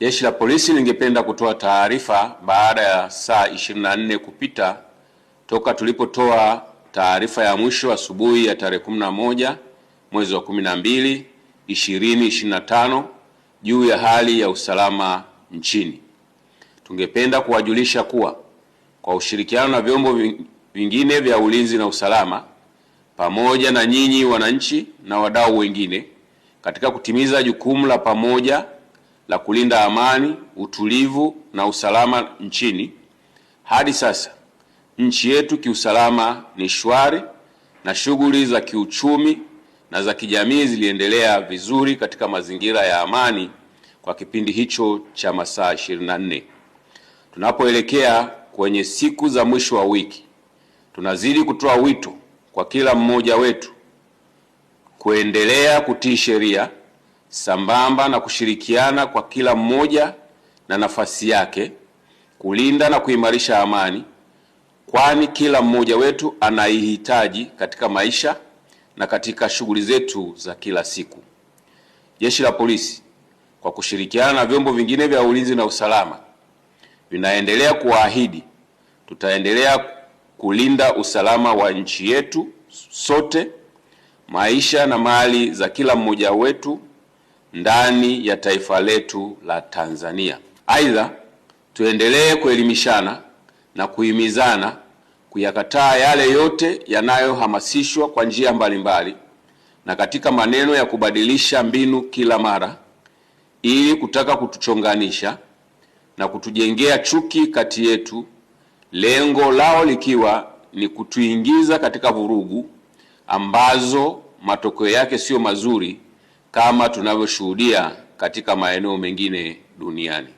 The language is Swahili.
Jeshi la Polisi lingependa kutoa taarifa baada ya saa 24 kupita toka tulipotoa taarifa ya mwisho asubuhi ya tarehe 11 mwezi wa 12 2025 juu ya hali ya usalama nchini. Tungependa kuwajulisha kuwa kwa ushirikiano na vyombo vingine vya ulinzi na usalama pamoja na nyinyi wananchi na wadau wengine katika kutimiza jukumu la pamoja la kulinda amani, utulivu na usalama nchini. Hadi sasa nchi yetu kiusalama ni shwari na shughuli za kiuchumi na za kijamii ziliendelea vizuri katika mazingira ya amani kwa kipindi hicho cha masaa 24. Tunapoelekea kwenye siku za mwisho wa wiki, tunazidi kutoa wito kwa kila mmoja wetu kuendelea kutii sheria sambamba na kushirikiana kwa kila mmoja na nafasi yake kulinda na kuimarisha amani, kwani kila mmoja wetu anaihitaji katika maisha na katika shughuli zetu za kila siku. Jeshi la Polisi kwa kushirikiana na vyombo vingine vya ulinzi na usalama vinaendelea kuwaahidi, tutaendelea kulinda usalama wa nchi yetu sote, maisha na mali za kila mmoja wetu ndani ya taifa letu la Tanzania. Aidha, tuendelee kuelimishana na kuhimizana kuyakataa yale yote yanayohamasishwa kwa njia mbalimbali na katika maneno ya kubadilisha mbinu kila mara ili kutaka kutuchonganisha na kutujengea chuki kati yetu, lengo lao likiwa ni kutuingiza katika vurugu ambazo matokeo yake siyo mazuri kama tunavyoshuhudia katika maeneo mengine duniani.